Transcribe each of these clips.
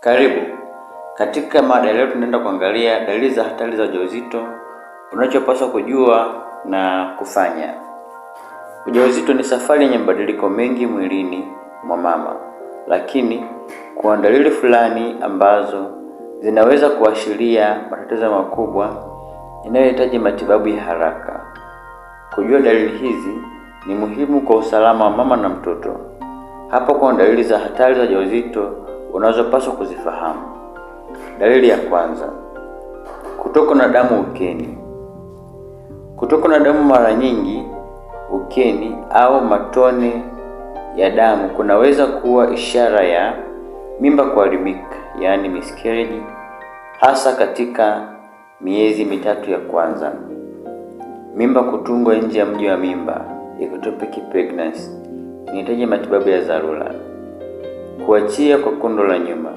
Karibu. Katika mada leo tunaenda kuangalia dalili za hatari za ujauzito, unachopaswa kujua na kufanya. Ujauzito ni safari yenye mabadiliko mengi mwilini mwa mama, lakini kuna dalili fulani ambazo zinaweza kuashiria matatizo makubwa yanayohitaji matibabu ya haraka. Kujua dalili hizi ni muhimu kwa usalama wa mama na mtoto. Hapa kuna dalili za hatari za ujauzito unazopaswa kuzifahamu. Dalili ya kwanza, kutokwa na damu ukeni. Kutokwa na damu mara nyingi ukeni au matone ya damu kunaweza kuwa ishara ya mimba kuharibika, yaani miscarriage, hasa katika miezi mitatu ya kwanza. Mimba kutungwa nje ya mji wa mimba, ectopic pregnancy, inahitaji matibabu ya dharura. Kuachia kwa kondo la nyuma,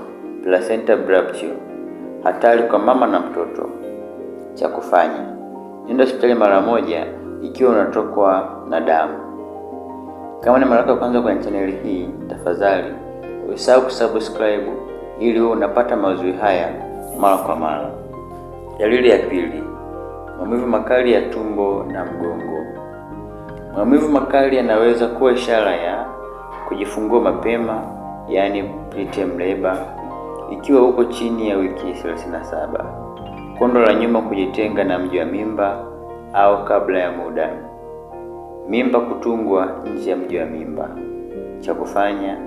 placenta abruptio, hatari kwa mama na mtoto. Cha kufanya: nenda hospitali mara moja ikiwa unatokwa na damu. Kama ni mara yako ya kwanza kwenye chaneli hii, tafadhali usahau kusubscribe ili uwe unapata mazuri haya mara kwa mara. Dalili ya pili, maumivu makali ya tumbo na mgongo. Maumivu makali yanaweza kuwa ishara ya kujifungua mapema yaani preterm labor ikiwa uko chini ya wiki 37, kondo la nyuma kujitenga na mji wa mimba au kabla ya muda, mimba kutungwa nje ya mji wa mimba. Cha kufanya,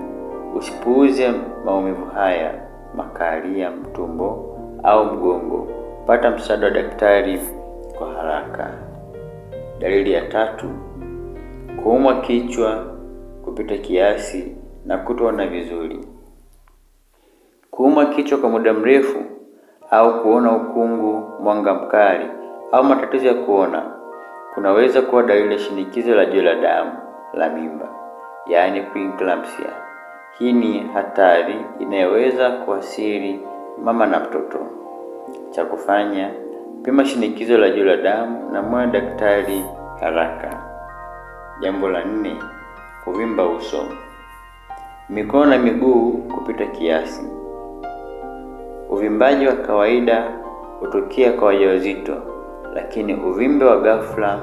usipuuze maumivu haya makali ya mtumbo au mgongo. Pata msaada wa daktari kwa haraka. Dalili ya tatu, kuumwa kichwa kupita kiasi na kutoona vizuri. Kuuma kichwa kwa muda mrefu au kuona ukungu, mwanga mkali au matatizo ya kuona kunaweza kuwa dalili ya shinikizo la juu la damu la mimba, yaani preeclampsia. Hii ni hatari inayoweza kuathiri mama na mtoto. Cha kufanya, pima shinikizo la juu la damu na mwa daktari haraka. Jambo la nne, kuvimba uso mikono na miguu kupita kiasi. Uvimbaji wa kawaida hutokea kwa wajawazito, lakini uvimbe wa ghafla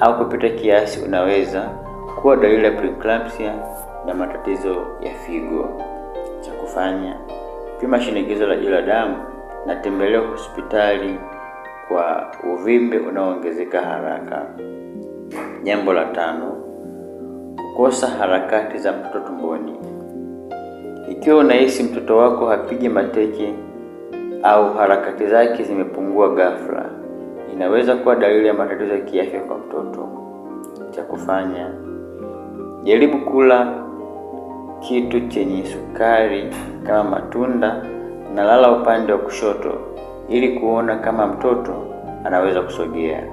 au kupita kiasi unaweza kuwa dalili ya preeclampsia na matatizo ya figo. Cha kufanya: pima shinikizo la juu la damu na tembelea hospitali kwa uvimbe unaoongezeka haraka. Jambo la tano, kukosa harakati za mtoto tumboni. Ikiwa unahisi mtoto wako hapigi mateke au harakati zake zimepungua ghafla, inaweza kuwa dalili ya matatizo ya kiafya kwa mtoto. Cha kufanya, jaribu kula kitu chenye sukari kama matunda na lala upande wa kushoto ili kuona kama mtoto anaweza kusogea.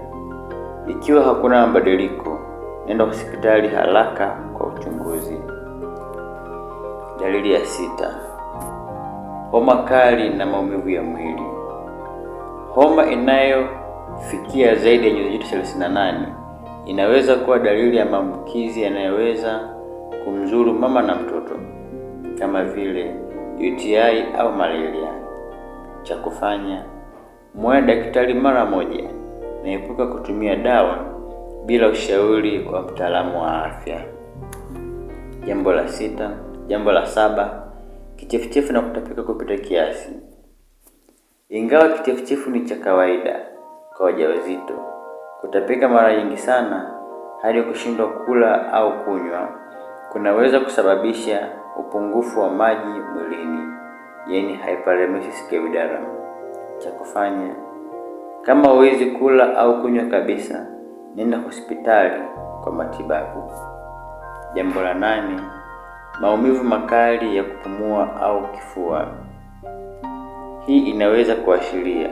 Ikiwa hakuna mabadiliko, nenda hospitali haraka kwa uchunguzi. Dalili ya sita: homa kali na maumivu ya mwili. Homa inayofikia zaidi ya nyuzi joto 38 inaweza kuwa dalili ya maambukizi yanayoweza kumzuru mama na mtoto kama vile UTI au malaria. Cha kufanya: muone daktari mara moja na epuka kutumia dawa bila ushauri wa mtaalamu wa afya. Jambo la sita Jambo la saba, kichefuchefu na kutapika kupita kiasi. Ingawa kichefuchefu ni cha kawaida kwa wajawazito, kutapika mara nyingi sana hadi kushindwa kula au kunywa kunaweza kusababisha upungufu wa maji mwilini, yani hyperemesis gravidarum. Cha kufanya, kama huwezi kula au kunywa kabisa, nenda hospitali kwa matibabu. Jambo la nane maumivu makali ya kupumua au kifua. Hii inaweza kuashiria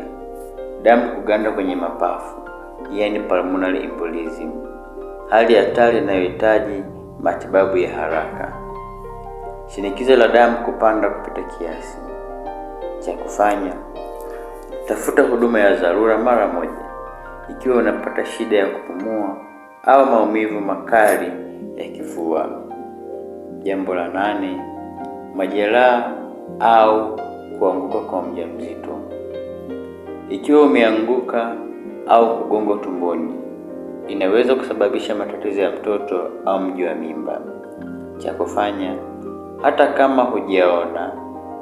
damu kuganda kwenye mapafu, yani pulmonary embolism, hali hatari inayohitaji matibabu ya haraka. Shinikizo la damu kupanda kupita kiasi. Cha kufanya, tafuta huduma ya dharura mara moja ikiwa unapata shida ya kupumua au maumivu makali ya kifua. Jambo la nane, majeraha au kuanguka kwa mjamzito. Ikiwa umeanguka au kugongwa tumboni, inaweza kusababisha matatizo ya mtoto au mji wa mimba. Cha kufanya, hata kama hujaona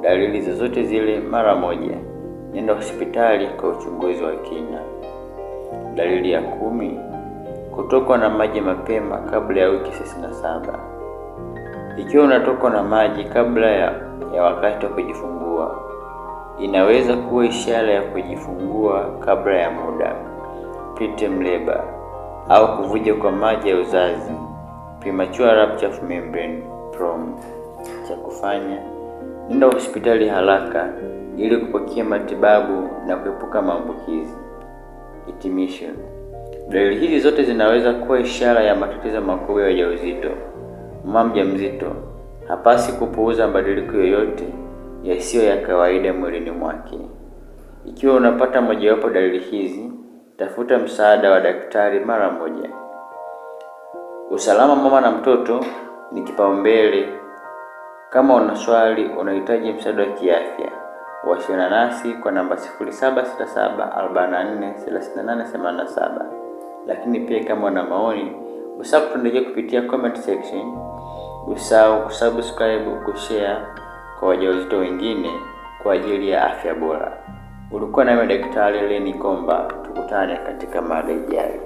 dalili zozote zile mara moja, nenda hospitali kwa uchunguzi wa kina. Dalili ya kumi, kutokwa na maji mapema kabla ya wiki 67. Ikiwa unatokwa na maji kabla ya, ya wakati wa kujifungua, inaweza kuwa ishara ya kujifungua kabla ya muda, preterm labor, au kuvuja kwa maji ya uzazi, premature rupture of membrane prom. Cha kufanya, nenda hospitali haraka ili kupokea matibabu na kuepuka maambukizi. Hitimisho: dalili hizi zote zinaweza kuwa ishara ya matatizo makubwa ya ujauzito. Mama mjamzito hapasi kupuuza mabadiliko yoyote yasiyo ya kawaida mwilini mwake. Ikiwa unapata mojawapo dalili hizi, tafuta msaada wa daktari mara moja. Usalama mama na mtoto ni kipaumbele. Kama una swali, unahitaji msaada wa kiafya, wasiliana nasi kwa namba 0767443887. Lakini pia kama una maoni Usisahau kutunajia kupitia comment section, usisahau kusubscribe, kushare kwa wajawazito wengine kwa ajili ya afya bora. Ulikuwa nami Daktari Leni Komba, tukutane katika mada ijayo.